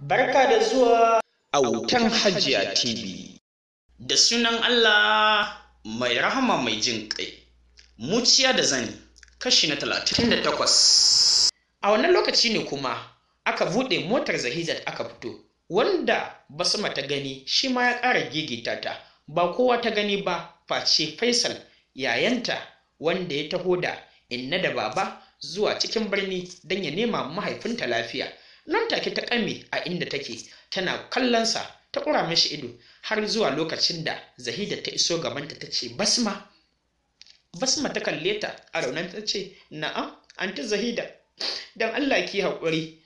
Barka da zuwa a wutan Hajiya TV. Da sunan Allah mai rahama mai jin ƙai. Muciya da zani kashi na talatin da takwas. A wannan lokaci ne kuma aka buɗe motar Zahizat aka fito, wanda Basma ta gani shi ma ya ƙara gigita ta, ba kowa ta gani ba face Faisal yayanta wanda ya taho da inna da baba zuwa cikin birni don ya nema mahaifinta lafiya. nan take ta kame a inda take tana kallonsa ta ƙura mashi ido har zuwa lokacin da zahida ta iso gabanta ta ce basma basma ta kalle ta a raunan ta ce na'am anti zahida don allah ki haƙuri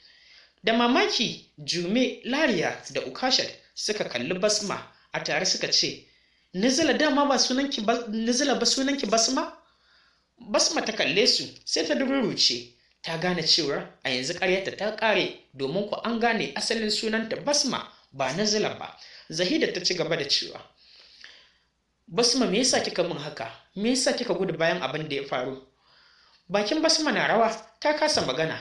da mamaki jume lariya da ukashat suka kalli basma a tare suka ce nizila dama ba sunanki ba sunanki basma basma ta kalle su sai ta rurruce. ta gane cewar a yanzu karyarta ta ƙare domin ku an gane asalin sunanta basma ba na zila ba zahida ta ci gaba da cewa basma me yasa kika min haka me yasa kika gudu bayan abin da ya faru bakin basma na rawa ta kasa magana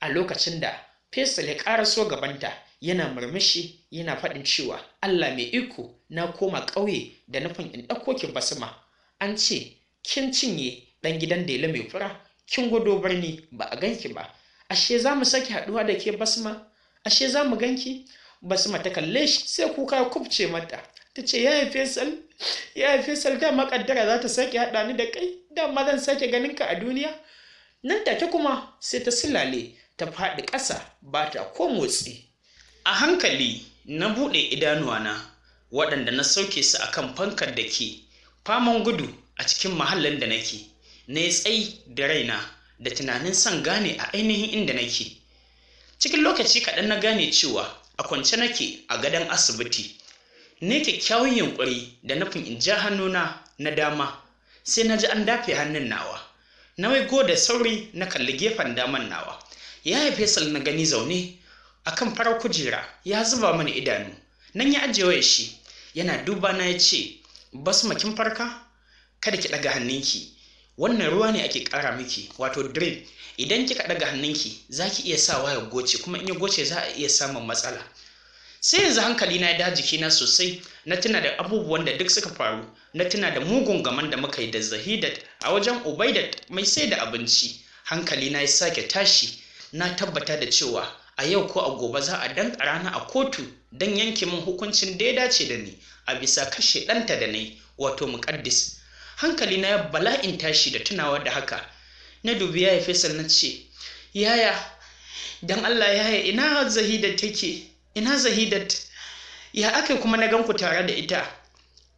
a lokacin da fesal ya so gabanta yana murmushi yana faɗin cewa allah mai iko na koma ƙauye da nufin in ɗauko ki basma an ce kin cinye ɗan gidan dela mai fura kin gudu birni ba a ganki ba ashe za mu sake haɗuwa da ke basma ashe za mu ganki basma ta kalle shi sai kuka kubce mata ta ce ya fesal ya fesal da makaddara za ta sake haɗa ni da kai da ma zan sake ganin ka a duniya nan ta kuma sai ta silale ta faɗi ƙasa ba ta ko motsi a hankali na buɗe idanuwana waɗanda na sauke su akan fankar da ke faman gudu a cikin mahallin da nake ne tsayi da raina da tunanin son gane a ainihin inda nake cikin lokaci kaɗan na gane cewa a kwance nake a gadon asibiti ne kyakkyawan yunƙuri da nufin in ja hannuna na dama sai na ji an dafe hannun nawa na waigo da sauri na kalli gefen daman nawa ya haife sal na gani zaune akan farar kujera ya zuba mana idanu nan ya ajiye wayar shi yana duba na ya ce basu makin farka kada ki ɗaga hannunki wannan ruwa ne ake ƙara miki wato drain idan kika ɗaga hannunki za ki iya sawa ya goce kuma in ya goce za a iya samun matsala sai yanzu hankali na ya da jikina sosai na tuna da abubuwan da duk suka faru na tuna da mugun gaman da muka yi da zahidat a wajen ubaidat mai sai da abinci hankali na ya sake tashi na tabbata da cewa a yau ko a gobe za a danka rana a kotu don yanke min hukuncin da ya dace da ni a bisa kashe ɗanta da ni, wato muƙaddis hankali na ya in tashi da tunawa da haka na dubi ya faisal na ce yaya dan allah yaya ina zahidat take ina zahidat ya aka kuma na ganku tare da ita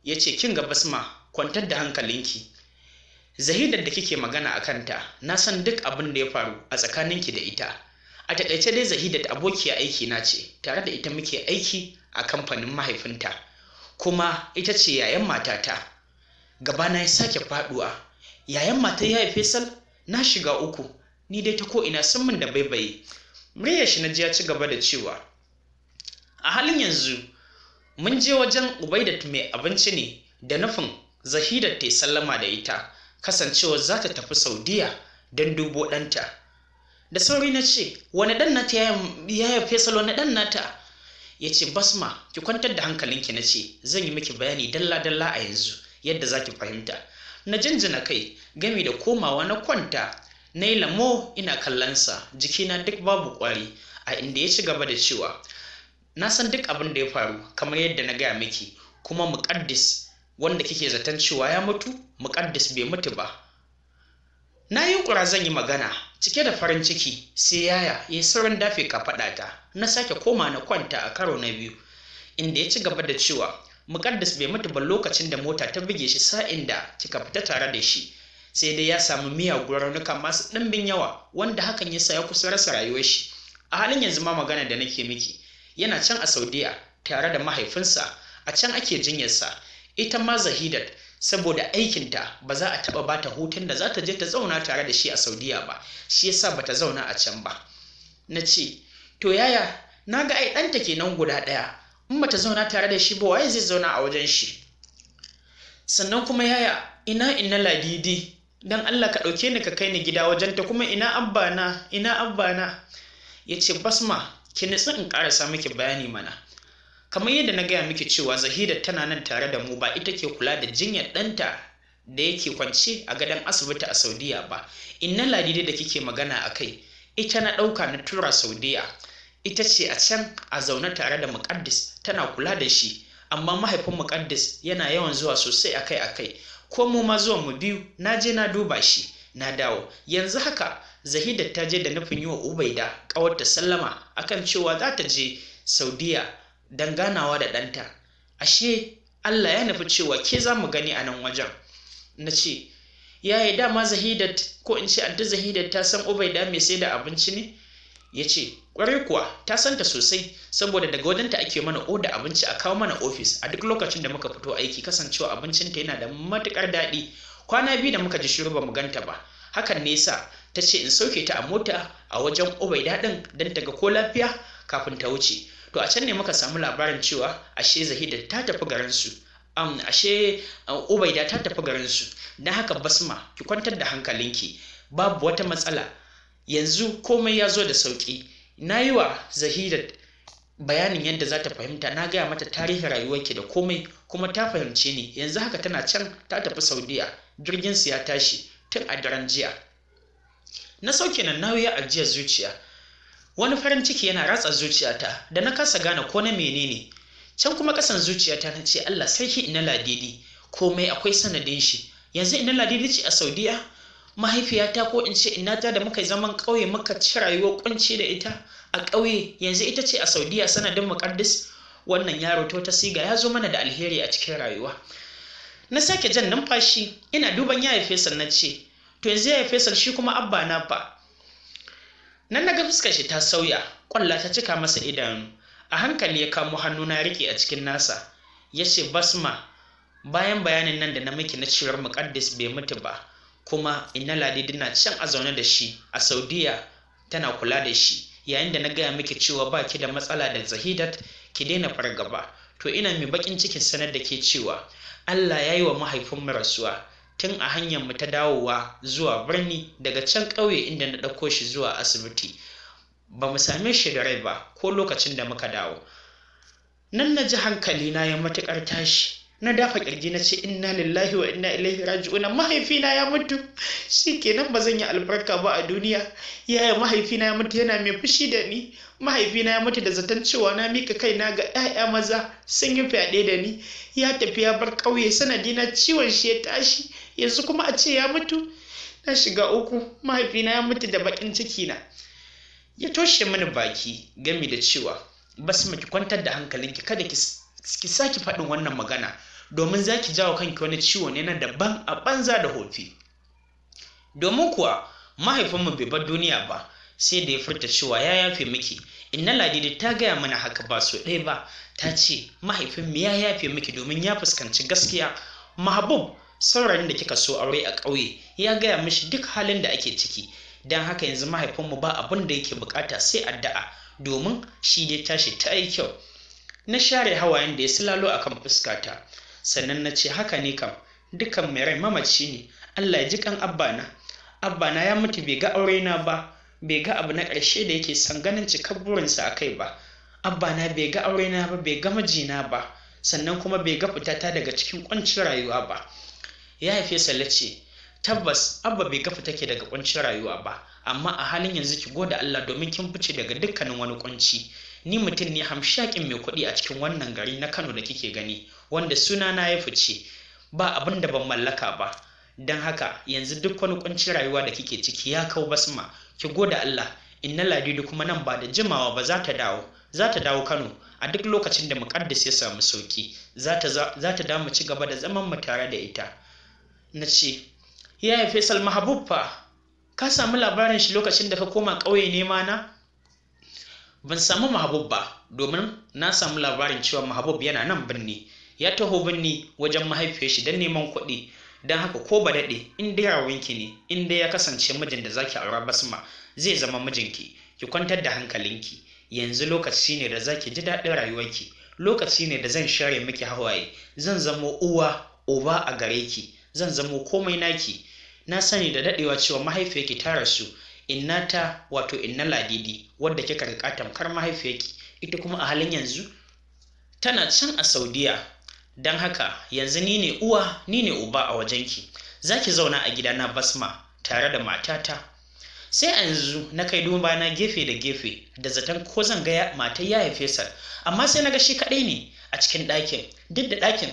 ya ce kin ga basma kwantar da hankalinki Zahidat da kike magana a kanta na san duk abin da ya faru a tsakaninki da ita a taƙaice dai zahidat abokiya aiki na ce tare da ita muke aiki a kamfanin mahaifinta kuma ita ce yayan matata gabana ya sake faduwa yayan mata ya haife sal na shiga uku ni dai ta ko ina sun min da baibaye muryar shi na ji ya ci gaba da cewa a halin yanzu mun je wajen ubaidat mai abinci ne da nufin zahidat ta sallama da ita kasancewa za ta tafi saudiya don dubo ɗanta da sauri na ce wani ɗan nata ya haife salo wani ɗan nata ya ce basma ki kwantar da hankalinki na ce zan yi miki bayani dalla-dalla a yanzu yadda zaki fahimta na jinjina kai gami da komawa na kwanta na yi lamo ina kallonsa jikina duk babu kwari a inda ya ci gaba da cewa na san duk abin da ya faru kamar yadda na gaya miki kuma muƙaddis wanda kike zaton cewa ya mutu muƙaddis bai mutu ba na yi ƙura zan yi magana cike da farin ciki sai yaya ya sauran dafe ka kafaɗata na sake koma na kwanta a karo na biyu inda ya ci gaba da cewa muƙaddas bai mutu ba lokacin da mota ta buge shi sa'in da kika fita tare da shi sai dai ya samu miyagun raunuka masu ɗimbin yawa wanda hakan ya sa ya kusa rasa rayuwar shi a halin yanzu ma magana da nake miki yana can a saudiya tare da mahaifinsa a can ake jinyarsa ita ma zahidat saboda aikinta ba za a taɓa bata hutun da za ta je ta zauna tare da shi a saudiya ba shi yasa ba ta zauna a can ba na ce to yaya na ga ai ɗanta kenan guda ɗaya in ta zauna tare da shi ba waye zai zauna a wajen shi sannan kuma yaya ina ina ladidi dan Allah ka ɗauke ni ka kai ni gida wajen ta, kuma ina abba na ina abba na ya basma ki nitsi in ƙarasa miki bayani mana kamar yadda na gaya miki cewa zahida tana nan tare da mu ba ita ke kula da jinyar ɗanta da yake kwance a gadon asibiti a saudiya ba inna ladidi da kike magana a kai ita na ɗauka na tura saudiya ita ce a can a zaune tare da muƙaddis tana kula da shi amma mahaifin muƙaddis yana yawan zuwa sosai akai-akai ko mu ma zuwa mu biyu na je na duba shi na dawo yanzu haka zahida ta je da nufin yi wa ubaida ƙawarta sallama akan cewa za ta je saudiya don ganawa da ɗanta ashe allah ya nufi cewa ke za mu gani a nan wajen na ce yaya dama zahidat ko in ce anta zahidat ta san ubaida mai sai da abinci ne ya ce kwarai kuwa ta santa sosai saboda daga wajenta ake mana oda abinci a kawo mana ofis a duk lokacin da muka fito aiki kasancewa abincin ta yana da matukar daɗi kwana biyu da muka ji shiru ba mu ganta ba hakan ne sa ta ce in sauke ta a mota a wajen ubaida din don ta ga ko lafiya kafin ta wuce to a can ne muka samu labarin cewa ashe zahida ta tafi garin su um, ashe ubaida uh, ta tafi garin su don haka basma ki kwantar da hankalinki babu wata matsala yanzu komai ya zo da sauki na yi wa zahirat bayanin yadda za ta fahimta na gaya mata tarihin rayuwarki da komai kuma ta fahimce ni yanzu haka tana can ta tafi saudiya jirgin su ya tashi tun a daren jiya na sauke nan nauyi a ajiyar zuciya wani farin ciki yana ratsa zuciyata da na kasa gane ko na menene can kuma kasan zuciyata na ce Allah sarki ina ladidi komai akwai sanadin shi yanzu ina ladidi ce a saudiya mahaifiyata ko in ce inata da muka zaman ƙauye muka ci rayuwar kunci da ita a ƙauye yanzu ita ce a saudiya sanadin muƙaddis wannan yaro to ta siga ya zo mana da alheri a cikin rayuwa na sake jan numfashi ina duban yaya fesal na ce to yanzu yaya fesal shi kuma abba na fa nan na ga fuskar shi ta sauya kwalla ta cika masa idanu a hankali ya kamo hannu na riƙe a cikin nasa ya ce basma bayan bayanin nan da na miki na cewar muƙaddis bai mutu ba kuma ina Ladi na can a zaune da shi a saudiya tana kula da shi yayin da na gaya miki cewa ba ki da matsala da zahidat ki daina fargaba to ina mai bakin cikin sanar da ke cewa allah ya yi wa mahaifinmu rasuwa tun a hanyar mu ta dawowa zuwa birni daga can ƙauye inda na ɗauko shi zuwa asibiti ba mu same shi da rai ba ko lokacin da muka dawo nan na ji hankali na ya matuƙar tashi na dafa kirji na ce inna lillahi wa inna ilaihi raji'un mahaifina ya mutu shikenan ba zan yi albarka ba a duniya yaya mahaifina ya mutu yana mai fushi da ni mahaifina ya mutu da zaton cewa na mika kaina ga 'ya'ya maza sun yi fyaɗe da ni ya tafi ya bar ƙauye sanadi na ciwon shi ya tashi yanzu kuma a ce ya mutu na shiga uku mahaifina ya mutu da baƙin ciki na ya toshe mini baki gami da cewa basu miki kwantar da hankalinki kada ki ki saki faɗin wannan magana domin za ki jawo kanki wani ciwo ne na daban a banza da hofi domin kuwa mahaifinmu bai bar duniya ba sai da ya furta cewa ya yafe miki inna ladidi ta gaya mana haka ba so ɗaya ba ta ce mahaifinmu ya yafe miki domin ya fuskanci gaskiya mahabub saurayin da kika so aure a ƙauye ya gaya mishi duk halin da ake ciki don haka yanzu mahaifinmu ba abin da yake bukata sai addu'a domin shi dai tashi ta yi kyau na share hawayen da ya silalo a kan fuskata sannan na ce haka ne kam dukan mai rai mamaci ne allah ya ji kan Abba na ya mutu bai ga aure na ba bai ga abu na ƙarshe da yake son ganin cikar burinsa a kai ba Abba na bai ga aure na ba bai ga mijina ba sannan kuma bai ga fitata daga cikin ƙuncin rayuwa ba ya haife ce tabbas abba bai ga fita ke daga ƙuncin rayuwa ba amma a halin yanzu ki gode allah domin kin fice daga dukkanin wani ƙwanci ni mutum ne hamshakin mai kuɗi a cikin wannan gari na kano da kike gani wanda sunana ya fice ba abin da ban mallaka ba don haka yanzu duk wani kuncin rayuwa da kike ciki ya kau basma ki goda allah inna ladidi kuma nan ba da jimawa ba za ta dawo za ta dawo kano a duk lokacin da Muqaddas ya samu sauki za ta damu ci gaba da zaman mu tare da ita na ce yaya faisal mahabub fa ka samu labarin shi lokacin da ka koma ƙauye ne ma na? ban samu mahabub ba domin na samu labarin cewa mahabub yana nan birni ya taho birni wajen mahaifiyar shi don neman kuɗi don haka ko ba daɗe in dai rawinki ne in dai ya kasance mijin da zaki aura basma zai zama mijinki ki kwantar da hankalinki yanzu lokaci ne da zaki ji daɗin rayuwarki lokaci ne da zan share miki hawaye zan zamo uwa uba a gare ki zan zamo komai naki na sani da daɗewa cewa mahaifiyarki ta rasu Inna ta, wato inna ladidi wadda kika riƙa tamkar mahaifiyarki ita kuma a halin yanzu tana can a saudiya don haka yanzu ni ne uwa ni ne uba a wajenki za ki zauna a gida na basma tare da matata sai a yanzu na kai duba na gefe da gefe da zaton ko zan ga matar ya haife sa amma sai na ga shi kaɗai ne a cikin ɗakin duk da ɗakin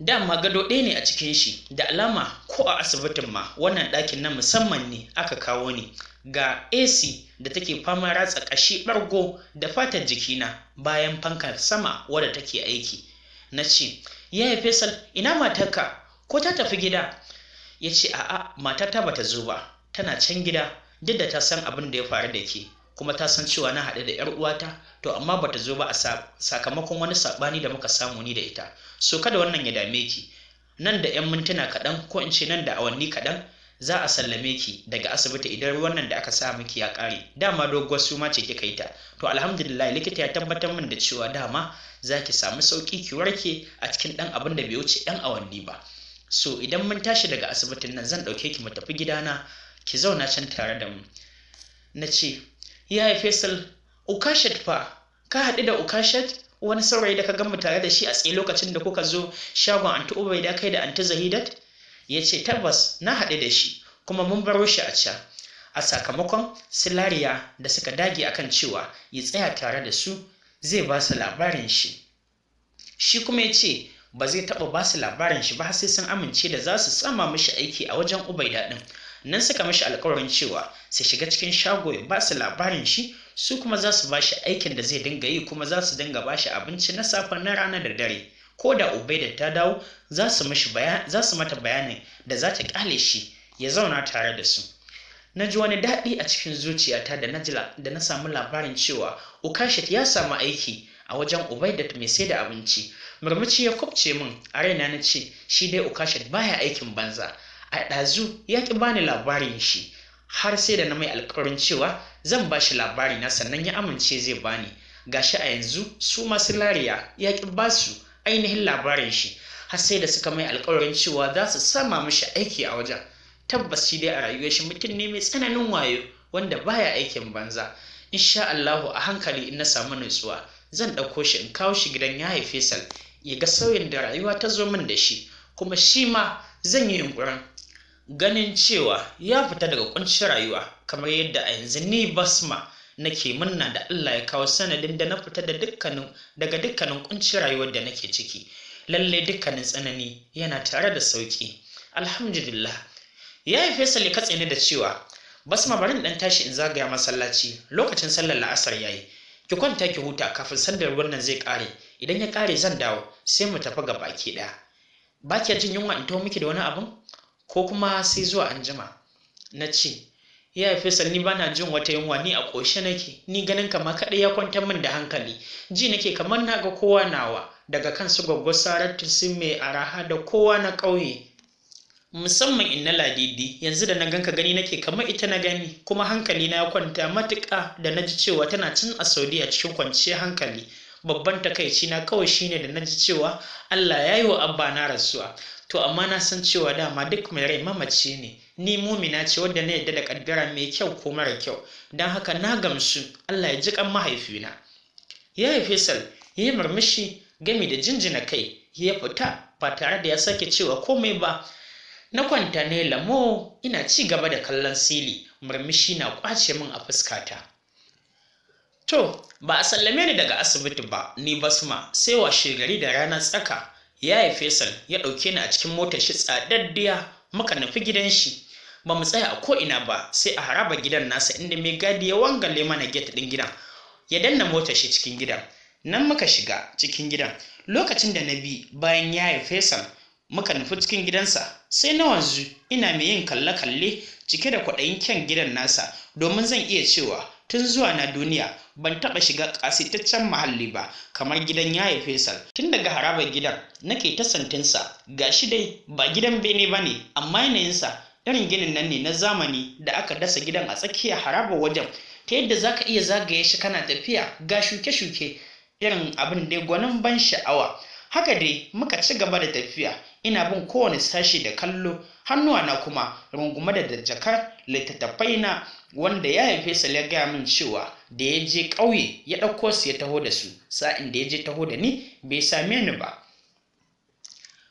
dama gado ɗaya ne a cikin shi da alama ko a asibitin ma wannan ɗakin na musamman ne aka kawo ni ga ac da take fama ratsa ƙashi ɓargo da fatan jikina bayan fankar sama wadda take aiki na ce ya yi fesal ina matarka ko ta tafi gida ya ce a'a matata bata zo ba tana can gida duk da ta san abin da ya faru da ke kuma ta san cewa na haɗu da 'yar uwata to amma bata zo ba a sakamakon wani sabani da muka samu ni da ita so kada wannan ya dame ki nan da 'yan mintuna kaɗan ko in ce nan da awanni kaɗan za a sallame ki daga asibiti idan ruwan nan da aka sa miki ya ƙare dama doguwar suma ce kika yi ta to alhamdulillah likita ya tabbatar min da cewa dama za ki samu sauƙi ki warke a cikin ɗan abin da bai wuce ɗan awanni ba so idan mun tashi daga asibitin nan zan ɗauke ki mu tafi gidana ki zauna can tare da mu na ce yi faisal ukashet fa ka haɗu da ukashet wani saurayi da ka gama tare da shi a tsaye lokacin da kuka zo shagon anti ubaida kai da anti zahidat ya ce tabbas na haɗu da shi kuma mun baro shi a can a sakamakon silariya da suka dage akan cewa ya tsaya tare da su zai ba su labarin shi shi kuma ya ce ba zai taɓa ba su labarin shi ba sai sun amince da za su tsama mishi aiki a wajen ubaida ɗin nan suka mishi alkawarin cewa su shiga cikin shago ya ba su labarin shi su kuma za su bashi aikin da zai dinga yi kuma za su dinga bashi abinci na safe na rana da dare ko da ubaida ta dawo za su mata bayanin da za ta kale shi ya zauna tare da su na ji wani daɗi a cikin zuciyata da na samu labarin cewa ukashit ya samu aiki a wajen Ubaidat mai sai da abinci. Murmuci ya kubce min a raina na ce shi dai Ukashat baya aikin banza. A ɗazu ya ki bani labarin shi har sai da na mai alkawarin cewa zan ba shi labari na sannan ya amince zai bani ga shi a yanzu su masu lariya ya ƙi ba su ainihin labarin shi har sai da suka mai alkawarin cewa za su sama mishi aiki a wajen tabbas shi dai a rayuwar shi mutum ne mai tsananin wayo wanda baya aikin banza insha Allahu a hankali in na samu nutsuwa zan ɗauko shi in kawo shi gidan ya haife sal ya ga sauyin da rayuwa ta zo min da shi kuma shi ma zan yi yunƙurin ganin cewa ya fita daga kuncin rayuwa kamar yadda a yanzu ni basma nake munna da Allah ya kawo sanadin da na fita daga dukkanin kuncin rayuwar da nake ciki lalle dukkanin tsanani yana tare da sauki alhamdulillah ya yi fesal ya katse ni da cewa basma bari dan tashi in zagaya masallaci lokacin sallar la'asar yayi ki kwanta ki huta kafin sandar wannan zai kare idan ya kare zan dawo sai mu tafi ga baki daya ba ki jin yunwa in tawo miki da wani abun ko kuma sai zuwa anjima na ce ya Faisal ni bana jin wata yunwa ni a ƙoshe nake ni ganin kama kaɗai ya kwanta min da hankali ji nake kamar na ga kowa nawa daga kan su gwaggo saratu sun mai araha da kowa na ƙauye musamman in na ladidi yanzu da na ganka gani nake kamar ita na gani kuma hankali na ya kwanta matuƙa da na ji cewa tana cin a saudiya cikin kwanciyar hankali babban takaici na kawai shine da na ji cewa allah ya yi wa abba na rasuwa to amma na san cewa dama duk mai rai mamaci ne ni mumina ce wadda na yadda da kaddara mai kyau ko mara kyau don haka na gamsu Allah ya ji kan mahaifina ya yi fesal ya yi murmushi gami da jinjina kai ya fita ba tare da ya sake cewa komai ba na kwanta ne lamo ina ci gaba da kallon sili murmushi na kwace min a fuskata to ba a sallame ni daga asibiti ba ni basma sai washe gari da ranar tsaka Ya yi Faisal ya ɗauke ni a cikin motar shi tsadaddiya muka nufi gidan shi ba mu tsaya a ko'ina ba sai a haraba gidan nasa inda mai gadi ya wangale mana gate ɗin gidan ya danna motar shi cikin gidan nan muka shiga cikin gidan lokacin da na bi bayan ya yi Faisal muka nufi cikin gidansa sai na wanzu ina mai yin kalle-kalle cike da kwaɗayin kyan gidan nasa domin zan iya cewa tun zuwa na duniya ban taɓa shiga kasitaccen muhalli ba kamar gidan yaye fesal tun daga harabar gidan nake ta santinsa ga shi dai ba gidan bene ba ne amma yanayinsa irin ginin nan ne na zamani da aka dasa gidan a tsakiya harabar wajen ta yadda za ka iya zagaye shi kana tafiya ga shuke-shuke irin abin dai gwanin ban sha'awa haka dai muka ci gaba da tafiya ina bin kowane sashi da kallo hannuwa na kuma rungume da jakar littattafai na wanda ya haife su ya gaya min cewa da ya je ƙauye ya ɗauko su ya taho da su sa'in da ya je taho da ni bai same ni ba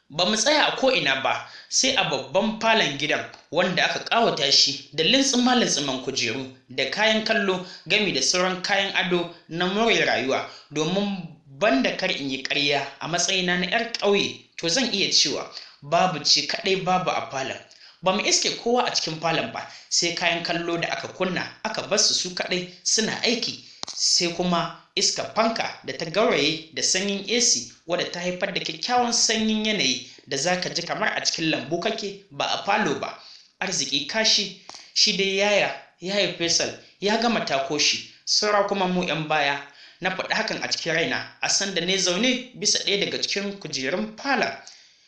ba mu tsaya a ko'ina ba sai a babban falon gidan wanda aka ƙawata shi da lintsuma-lintsuman kujeru da kayan kallo gami da sauran kayan ado na more rayuwa domin banda kar in yi ƙarya a matsayina na 'yar ƙauye to zan iya cewa babu ce kaɗai babu a falon ba mu iske kowa a cikin falon ba sai kayan kallo da aka kunna aka bar su su kaɗai suna aiki sai kuma iska fanka da ta gauraye da sanyin ac wadda ta haifar da kyakkyawan sanyin yanayi da za ka ji kamar a cikin lambu kake ba a falo ba arziki kashi shi dai yaya ya yi fesal ya gama takoshi saura kuma mu 'yan baya na faɗi hakan a cikin raina a san da ne zaune bisa ɗaya daga cikin kujerun fala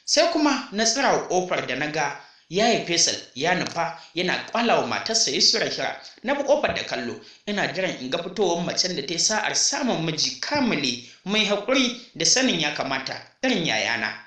sai kuma na tsira wa ƙofar da na ga ya yi fesal ya nufa yana ƙwala wa matarsa ya sura kira na bi ƙofar da kallo ina jiran in ga fitowar macen da ta yi sa'ar samun miji kamale mai haƙuri da sanin ya kamata irin yayana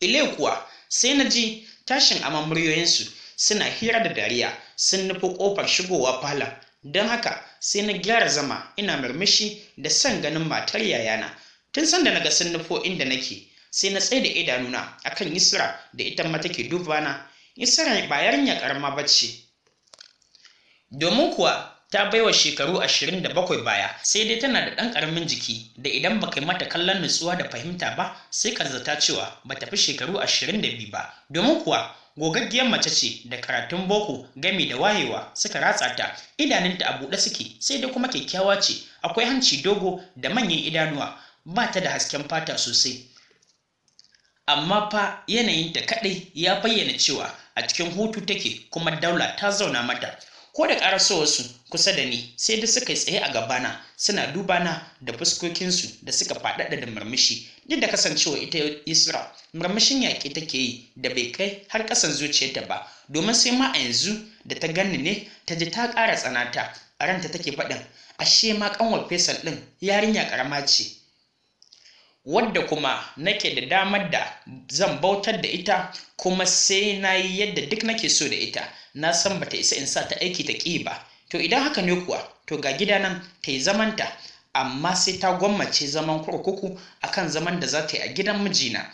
ile kuwa sai na ji tashin amma muryoyinsu suna hira da dariya sun nufi ƙofar shigowa falon don haka sai na gyara zama ina murmushi da son ganin matar yayana tun sanda na ga sun nufo inda nake sai na tsaye da idanuna akan Isra da ita ma take dubana Isra ba yarinya karama bace domin kuwa ta baiwa shekaru ashirin da bakwai baya sai dai tana da ɗan ƙaramin jiki da idan ba kai mata kallon nutsuwa da fahimta ba sai ka zata cewa ba ta shekaru ashirin da biyu ba domin kuwa gogaggiyar mace ce da karatun boko gami da wayewa suka ratsa ta idanunta a buɗe suke sai dai kuma kyakkyawa ce akwai hanci dogo da manyan idanuwa ba ta da hasken fata sosai amma fa yanayinta kaɗai ya bayyana cewa a cikin hutu take kuma daula ta zauna mata ko da wasu kusa da ni sai da suka yi tsaye a gabana suna dubana da fuskokinsu da suka faɗaɗa da murmushi duk da kasancewa ita isra murmushin yaƙi take yi da bai kai har ƙasan zuciyarta ba domin sai ma a yanzu da ta ganni ne ta ji ta ƙara tsanata a ranta take faɗin ashe ma ƙanwar fesal ɗin yarinya ƙarama ce wadda kuma nake da damar da zan bautar da ita kuma sai na yi yadda duk nake so da ita na san bata isa in sa ta aiki ta ƙi ba to idan haka ne kuwa to ga gida nan ta yi zamanta amma sai ta gwammace zaman kurkuku a kan zaman da za ta yi a gidan mijina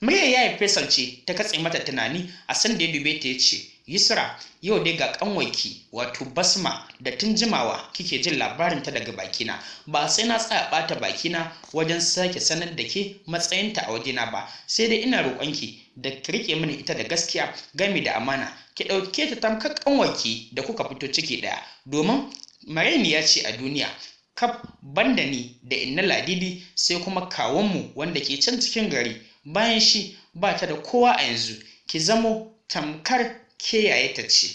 murya ya yi fesal ce ta katse mata tunani a sanda ya dube ta ya ce Yusra yau dai ga kanwaiki wato basma da tun jimawa kike jin labarinta daga bakina ba sai na tsaya bata bakina wajen sake sanar da ke matsayinta a wajena ba sai dai ina roƙonki da rike mini ita da gaskiya gami da amana ki ɗauke ta tamkar kanwaiki da kuka fito ciki ɗaya domin ya ce a duniya kaf banda ni da inna ladidi sai kuma kawunmu wanda ke can cikin gari bayan shi ba ta da kowa a yanzu ki zamo tamkar kiyaye ta ce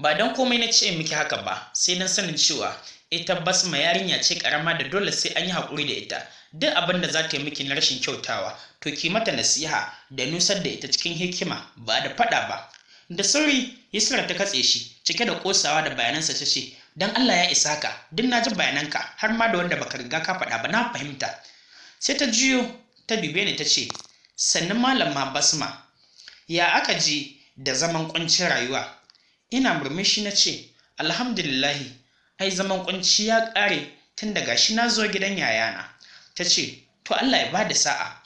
ba don komai na ce miki haka ba sai don sanin cewa ita basma yarinya ce karama da dole sai an yi haƙuri da ita duk abin da za ta yi miki na rashin kyautawa to ki mata nasiha da nusar da ita cikin hikima ba da faɗa ba da sauri yusra ta katse shi cike da ƙosawa da bayanansa ta ce don allah ya isa ka duk na ji bayananka har ma da wanda baka riga ka faɗa ba na fahimta sai ta juyo ta dube ni ta ce sannan malam ma basma ya aka ji da zaman kwanci rayuwa ina murmushi na ce alhamdulillahi ai zaman kwanci ya ƙare tun da gashi na zo gidan yayana ta ce to allah ya bada sa'a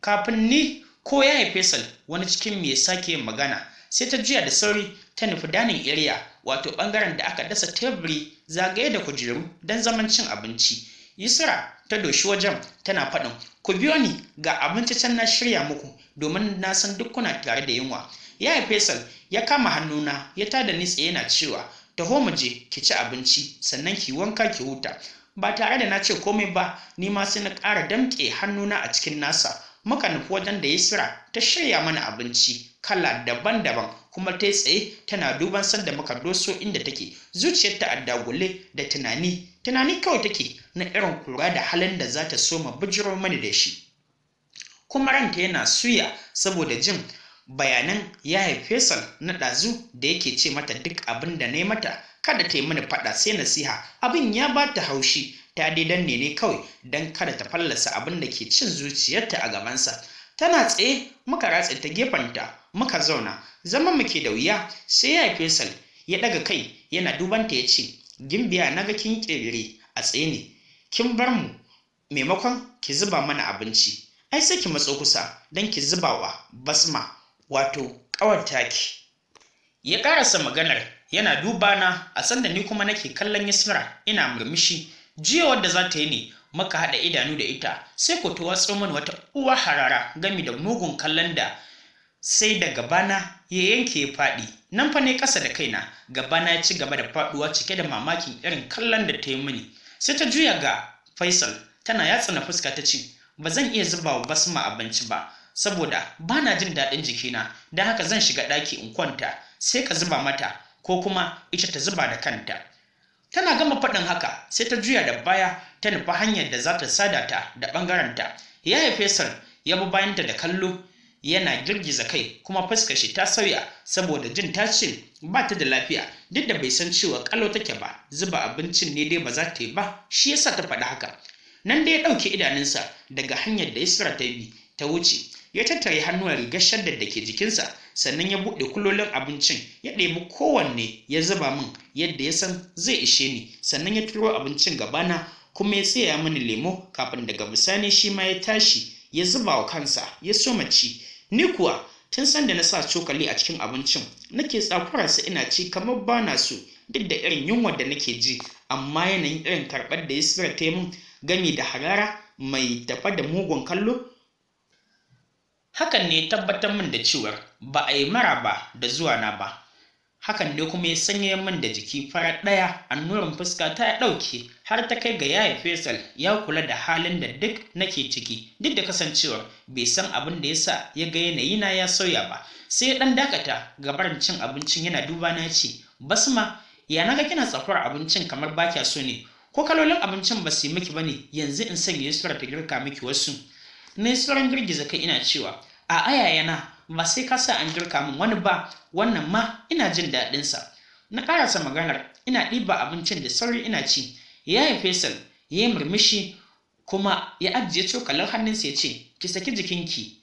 kafin ni ko ya haife sal wani cikin mai sake magana sai ta juya da sauri ta nufi danin iriya wato ɓangaren da aka dasa teburi zagaye da kujeru don zaman cin abinci yusra ta doshi wajen tana faɗin ku biyo ni ga abinci can na shirya muku domin na san duk kuna tare da yunwa yi fesal ya kama hannuna ya tada ni tsaye yana cewa taho mu je ki ci abinci sannan ki wanka ki huta ba tare da na ce komai ba ni ma sai na ƙara damƙe hannuna a cikin nasa muka nufi wajen da ya sira ta shirya mana abinci kala daban-daban kuma ta tsaye tana duban sanda muka doso inda take zuciyar ta'adda dagule da tunani tunani kawai take na irin kura da halin da za ta so ma bijiro mani da shi kuma ranta yana suya saboda jin bayanan ya haife son na ɗazu da yake ce mata duk abin da na yi mata kada ta yi mini faɗa sai nasiha abin ya ba ta haushi ta dai danne ne kawai don kada ta fallasa abin da ke cin zuciyarta a gabansa tana tsaye muka ratse ta gefenta muka zauna zama muke da wuya sai ya haife son ya ɗaga kai yana dubanta ya ce gimbiya na ga kin ƙirƙiri a tsaye ne kin bar mu maimakon ki zuba mana abinci ai sai ki matso kusa don ki zuba wa basma wato ƙawar taki ya ƙarasa maganar yana dubana, a sanda ni kuma nake kallon yasmira ina murmushi jiya wadda za ta yi ne maka haɗa idanu da ita sai ko ta watsa min wata uwar harara gami da mugun kallon da sai da gabana ya yanke ya faɗi nan fa ne ƙasa da kaina gabana ya ci gaba da faɗuwa cike da mamakin irin kallon da ta yi mini sai ta juya ga faisal tana yatsa na fuska ta ce ba zan iya zuba wa basma abinci ba saboda ba na jin daɗin jikina don haka zan shiga ɗaki in kwanta sai ka zuba mata ko kuma ita ta zuba da kanta tana gama faɗin haka sai ta juya da baya ta nufi hanyar da za ta sada da ɓangarenta ya haife ya bi bayanta da kallo yana girgiza kai kuma fuskar shi ta sauya saboda jin ce ba ta da lafiya duk da bai san cewa kallo take ba zuba abincin ne dai ba za ta yi ba shi yasa ta faɗi haka nan da ya ɗauki idanunsa daga hanyar da Isra ta bi ta wuce ya tattare hannuwan rigar shaddar da ke jikinsa sannan ya buɗe kulolin abincin ya ɗebi kowanne ya zuba min yadda ya san zai ishe ni sannan ya turo abincin gabana kuma ya tsaya mini lemo kafin daga bisani shi ma ya tashi ya zuba wa kansa ya soma ci ni kuwa tun sanda na sa cokali a cikin abincin nake tsakura su ina ci kamar bana su. duk da irin yunwa da nake ji amma yanayin irin karɓar da ya sirata min gami da harara mai tafa da mugun kallo hakan ne tabbatar min da cewar ba a yi mara ba da zuwa na ba hakan ne kuma ya sanya min da jiki farar ɗaya nurin fuska ta ɗauke har ta kai ga yaya fesal ya kula da halin da duk nake ciki duk da kasancewar bai san abin da ya sa ya ga yanayi na ya sauya ba sai ya ɗan dakata gabarin cin abincin yana duba na ce basma ya naga kina tsakuwar abincin kamar ba kya so ne ko kalolin abincin ba su yi miki ba ne yanzu in sanya ya ta girka miki wasu ne sauran girgiza kai ina cewa a ayayana ba sai ka sa an girka min wani ba wannan ma ina jin daɗinsa na ƙarasa maganar ina ɗiba abincin da sauri ina ci ya yi fesal ya yi murmushi kuma ya ajiye cokalin hannunsa ya ce ki saki jikinki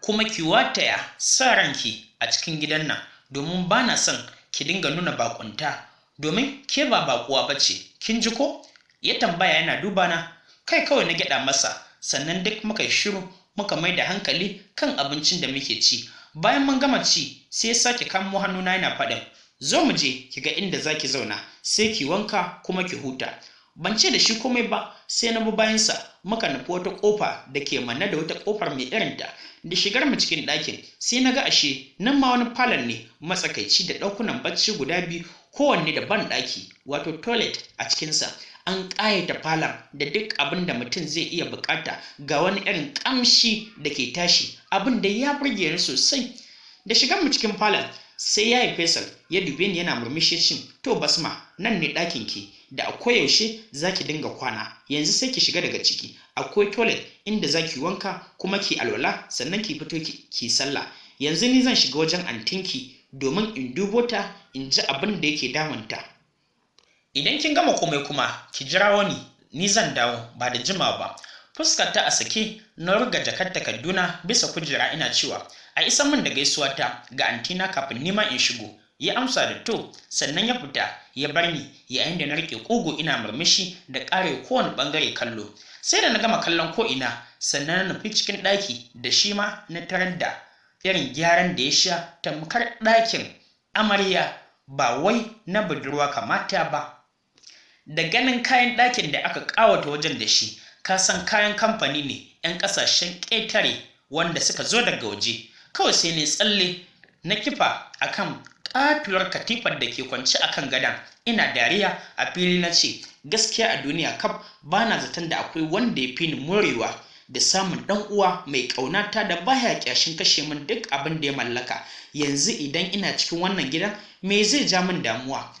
kuma ki wataya sa ranki a cikin gidan nan domin ba na son ki dinga nuna bakunta domin ke ba bakuwa ba ce kin ji ko ya tambaya yana duba na kai kawai na gyaɗa masa sannan duk muka yi shiru muka mai da hankali kan abincin da muke ci bayan mun gama ci sai ya sake kamo hannuna yana faɗin zo mu je ki ga inda za ki zauna sai ki wanka kuma ki huta ban ce da shi komai ba sai na bi bayansa muka nufi wata ƙofa da ke manne da wata kofar mai irinta da shigar mu cikin ɗakin sai na ga ashe nan ma wani falon ne matsakaici da ɗaukunan bacci guda biyu kowanne da ban ɗaki wato toilet a cikinsa an ƙayata falon da duk abin da mutum zai iya buƙata ga wani irin ƙamshi da ke tashi abin da ya burge ni sosai da shigan mu cikin falon sai ya yi fesal ya dube ni yana murmushi shin to basma nan ne ɗakin ki da a koyaushe za ki dinga kwana yanzu sai ki shiga daga ciki akwai toilet inda za ki wanka kuma ki alwala sannan ki fito ki sallah yanzu ni zan shiga wajen antinki domin in dubo ta in ji abin da yake damunta idan kin gama komai kuma ki jira wani ni zan dawo ba da jima ba fuskar ta a sake na ruga jakar takarduna bisa kujera ina cewa a isa min da gaisuwa ga antina kafin nima in shigo ya amsa da to sannan ya fita ya bar ni yayin da na rike kugu ina murmushi da kare kowane bangare kallo sai da na gama kallon ko ina sannan na nufi cikin ɗaki da shi ma na tarar da irin gyaran da ya sha tamkar ɗakin amarya ba wai na budurwa kamata ba da ganin kayan ɗakin da aka ƙawata wajen da shi ka san kayan kamfani ne 'yan ƙasashen ƙetare wanda suka zo daga waje kawai sai ne tsalle na kifa akan ƙatuwar katifar da ke kwance kan gadon ina dariya a fili na ce gaskiya a duniya kaf ba na zaton da akwai wanda ya fi ni morewa da samun ɗan uwa mai ƙaunata da baya ƙyashin kashe min duk abin da ya mallaka yanzu idan ina cikin wannan gidan me zai ja min damuwa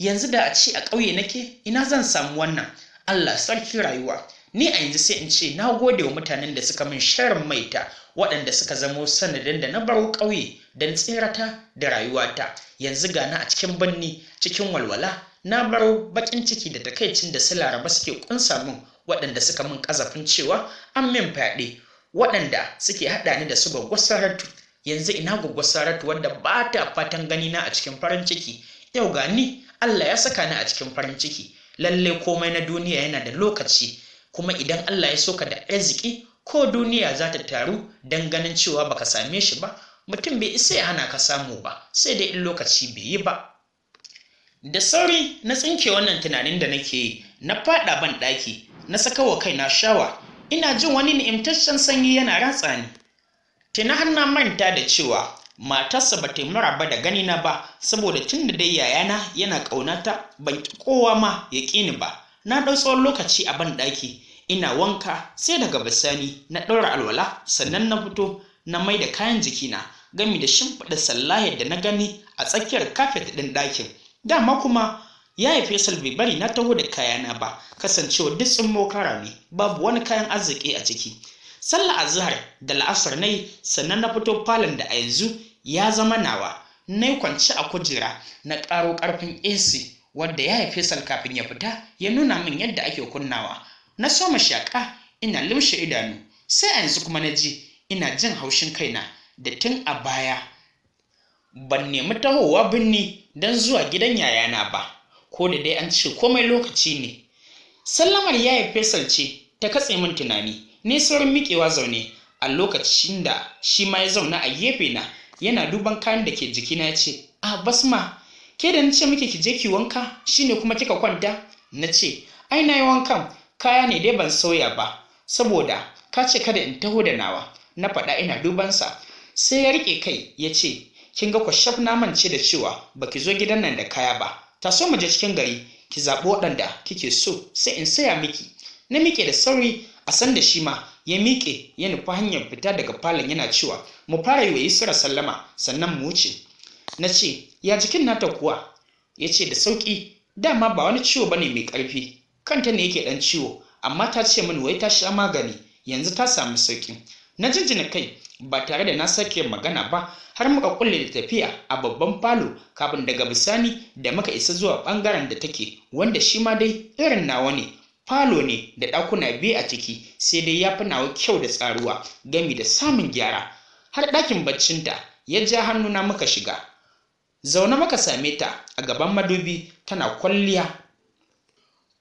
yanzu da a ce a ƙauye nake ina zan samu wannan Allah sarki rayuwa ni a yanzu sai in ce na gode wa mutanen da suka min sharin maita waɗanda suka zamo sanadin da na baro ƙauye don tserata da rayuwata yanzu na a cikin birni cikin walwala na baro baƙin ciki da takaicin da su laraba suke ƙunsa min waɗanda suka min ƙazafin cewa an min fyaɗe waɗanda suke haɗa ni da su gwaggwasaratu yanzu ina gwaggwasaratu wanda ba ta fatan ganina a cikin farin ciki yau ga ni Allah ya saka ni a cikin farin ciki lalle komai na duniya yana da lokaci kuma idan Allah ya soka da arziki ko duniya za ta taru don ganin cewa baka same shi ba mutum bai isa ya hana ka samu ba sai dai in lokaci bai yi ba da sauri na tsinke wannan tunanin da nake yi na faɗa ban daki na saka wa kaina shawa ina jin wani ni'imtaccen sanyi yana ratsa ni tuna har na manta da cewa matarsa ba ta ba da ganina ba saboda tun da dai yayana yana ƙaunata ban kowa ma ya ƙini ba na ɗau tsawon lokaci a ban ɗaki ina wanka sai daga bisani na ɗaura alwala sannan na fito na mai da kayan jikina gami da shimfiɗa sallayar da na gani a tsakiyar kafet ɗin ɗakin dama kuma ya haife fesal bai bari na taho da kayana ba kasancewa duk tsummo mokara ne babu wani kayan arziki a ciki sallah azhar da la'asar nayi sannan na fito falon da a yanzu ya zama nawa na yi kwanci a kujera na ƙaro ƙarfin ac wadda ya haife sal kafin ya fita ya nuna min yadda ake kunnawa na soma shaƙa ina lumshe idanu sai a yanzu kuma na ji ina jin haushin kaina da tun a baya ban nemi tahowa binni don zuwa gidan yayana ba ko da dai an ce komai lokaci ne sallamar yaya fesal ce ta katse min tunani ne saurin miƙewa zaune a lokacin da shi ma ya zauna a gefe na yana duban kayan da ke jikina ya ce a basma ke da nace miki ki je ki wanka shine kuma kika kwanta na ce ai na yi wankan kaya ne dai ban sauya ba saboda ka ce kada in taho da nawa na faɗa ina dubansa sai ya rike kai ya ce kin ga shaf na mance da cewa baki zo gidan nan da kaya ba ta so mu je cikin gari ki zaɓi waɗanda kike so sai in saya miki na miƙe da sauri a san da shi ma ya miƙe ya nufi hanyar fita daga falon yana cewa mu fara yi wa Yusra sallama sannan mu wuce na ce ya jikin nata kuwa ya ce da sauƙi dama ba wani ciwo ne mai ƙarfi kanta ne yake ɗan ciwo amma ta ce mini wai ta sha magani yanzu ta samu sauƙi na jinjina kai ba tare da na sake magana ba har muka kulle da tafiya a babban falo kafin daga bisani da muka isa zuwa ɓangaren da take wanda shi ma dai irin nawa ne falo ne da ɗakuna biyu a ciki sai dai ya fi nawa kyau da tsaruwa gami da samun gyara har ɗakin baccinta ya ja hannuna muka shiga zaune muka same ta a gaban madubi tana kwalliya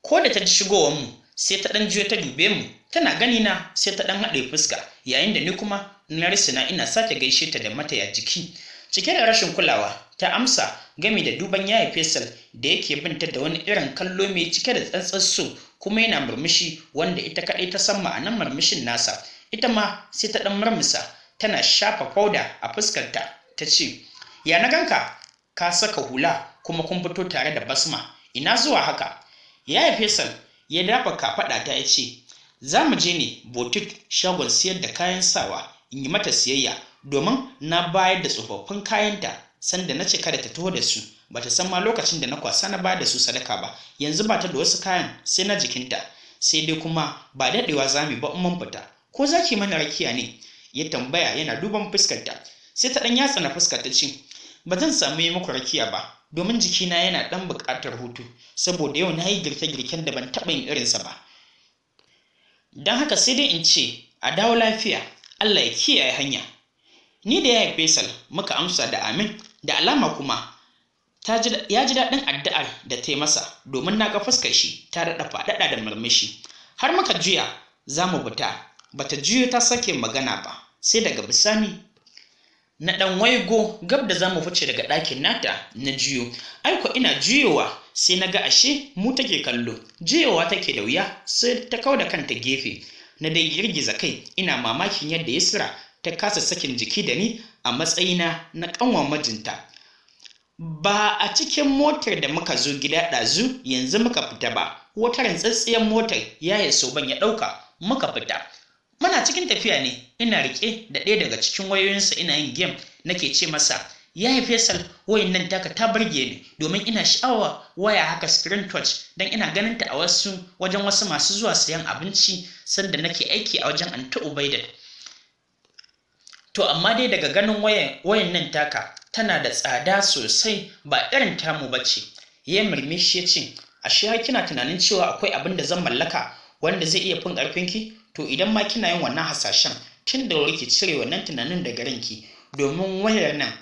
ko da ta ji mu sai ta ɗan juya ta dube mu tana ganina sai ta ɗan haɗe fuska yayin da ni kuma na risina ina sake gaishe ta da mataya jiki cike da rashin kulawa ta amsa gami da duban yaya fesal da yake binta da wani irin kallo mai cike da tsantsan so kuma yana murmushi wanda ita kaɗai ta san ma'anar murmushin nasa ita ma sai ta ɗan murmusa tana shafa fauda a fuskarta ta ce ya na ganka ka saka hula kuma kun fito tare da basma ina zuwa haka Ya yi fesal ya dafa kafaɗa ta ya ce za mu je ne botik shagon siyar da kayan sawa in yi mata siyayya domin na bayar da tsofaffin kayanta sanda na cika da ta taho da su Ba ta san ma lokacin da na kwasa na ba da su sadaka ba yanzu ba ta da wasu kayan sai na jikinta sai dai kuma ba daɗewa za mu ba in mun fita ko za ki mana rakiya ne ya tambaya yana duban fuskarta sai ta ɗan yatsa na fuskar ta ce ba zan samu yi muku rakiya ba domin jikina yana ɗan buƙatar hutu saboda yau na yi girke-girken da ban taɓa yin irinsa ba don haka sai dai in ce a dawo lafiya Allah ya kiyaye hanya ni da yaya Faisal muka amsa da amin da alama kuma ya ji daɗin addu'ar da ta yi masa domin na ga fuskar shi ta daɗa faɗaɗa da murmushi har muka juya za mu fita bata juyo ta sake magana ba sai daga bisani na ɗan waigo gab da za mu fice daga ɗakin nata na juyo aiko ina juyowa sai na ga ashe mu take kallo juyowa take da wuya sai ta kau da kanta gefe na dai girgiza kai ina mamakin yadda ya sira ta kasa sakin jiki da ni a matsayina na ƙanwar majinta ba a cikin motar da muka zo gida ɗazu yanzu muka fita ba wata rantsatsiyar motar ya yi ban ya ɗauka muka fita muna cikin tafiya ne ina riƙe da ɗaya daga cikin wayoyinsa ina yin game nake ce masa ya yi fesal wayan nan taka ta burge ni domin ina sha'awa waya haka screen touch don ina ganin ta a wasu wajen wasu masu zuwa sayan abinci sanda nake aiki a wajen anta ubaidat to amma dai daga ganin wayan nan taka tana da tsada sosai ba irin tamu ba ce ya murmushi ya ce ashe har kina tunanin cewa akwai abin da zan mallaka wanda zai iya fin ƙarfinki to idan ma kina yin wannan hasashen tun da wuri ki cire wannan tunanin daga ranki domin wayar nan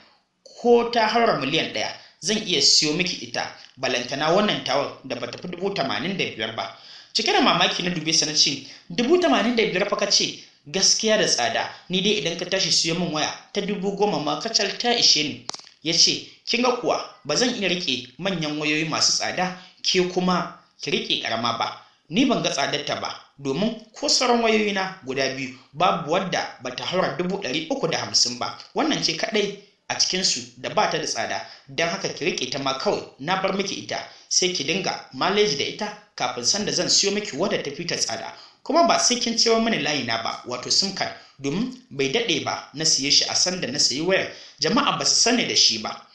ko ta haura miliyan ɗaya zan iya siyo miki ita balantana wannan tawar da ba ta fi dubu tamanin da biyar ba cike da mamaki na dubi sana ce dubu tamanin da biyar fa ka ce gaskiya da tsada ni dai idan ka tashi siyo min waya ta dubu goma ma kacal ta ishe ni ya ce kin ga kuwa ba zan iya rike manyan wayoyi masu tsada ke kuma ki rike karama ba ni ban ga tsadarta ba domin ko sauran wayoyi na guda biyu babu wadda ba ta haura dubu ɗari uku da hamsin ba wannan ce kaɗai a cikinsu da ba ta da tsada don haka ki rike ta ma kawai na bar miki ita sai ki dinga maleji da ita kafin sanda zan siyo miki wadda ta fi ta tsada kuma ba sai kin cewa mini layi na ba wato sim card domin bai dade ba na siye shi a sanda na sayi wayar jama'a ba su sani da shi ba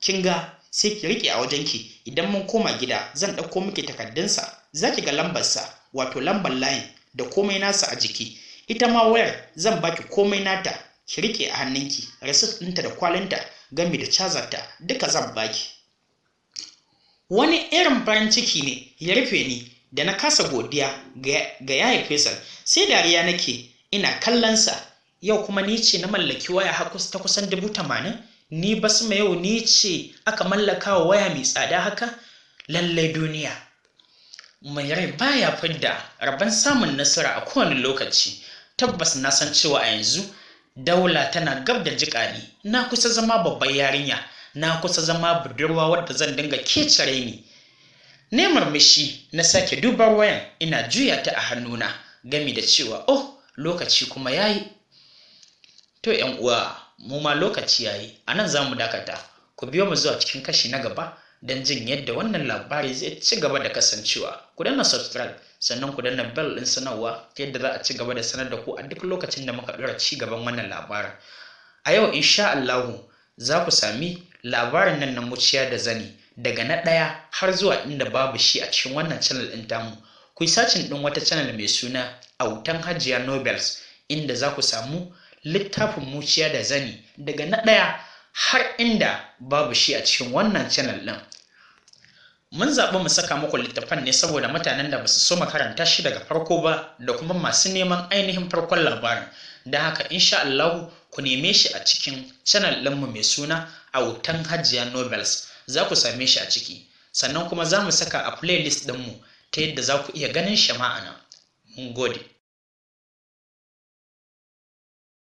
kin ga sai ki rike a wajen ki idan mun koma gida zan ɗauko miki takardunsa za ki ga lambarsa wato lambar layin da komai nasa a jiki ita ma wayar zan baki komai nata ki rike a hannunki receipt ɗinta da kwalinta gami da cazarta duka zan baki wani irin farin ciki ne ya rufe ni da na kasa godiya ga yaya Faisal sai dariya nake ina kallonsa yau kuma ni ce na mallaki waya ta kusan dubu tamanin ni ba basma yau ni ce aka mallaka wa waya mai tsada haka lallai duniya mai rai baya fidda rabon samun nasara a kowane lokaci tabbas na san cewa a yanzu daula tana gab da jiƙani na kusa zama babbar yarinya na kusa zama budurwa wadda zan dinga kecare ni ne murmushi na sake dubar wayan ina juya ta a hannuna gami da cewa oh lokaci kuma yayi to yan uwa mu ma lokaci yayi anan za mu dakata ku biyo mu zuwa cikin kashi na gaba don jin yadda wannan labari zai ci gaba da kasancewa ku danna subscribe sannan ku danna bell din sanarwa yadda za a ci gaba da sanar da ku a duk lokacin da muka ɗora ci gaban wannan labarin a yau insha Allahu za ku sami labarin nan na muciya da zani daga na ɗaya har zuwa inda babu shi a cikin wannan channel ɗin tamu ku yi sacin ɗin wata channel mai suna autan hajiya nobels inda za ku samu littafin muciya da zani daga na ɗaya har inda babu shi a cikin wannan channel ɗin mun zaɓi mu saka muku littafan ne saboda mutanen da basu so makaranta shi daga farko ba da kuma masu neman ainihin farkon labarin da haka insha Allah ku neme shi a cikin channel ɗinmu mai suna autan hajiya nobels za ku same shi a ciki sannan kuma za mu saka a playlist ɗinmu ta yadda za ku iya ganin shi ma'ana mun gode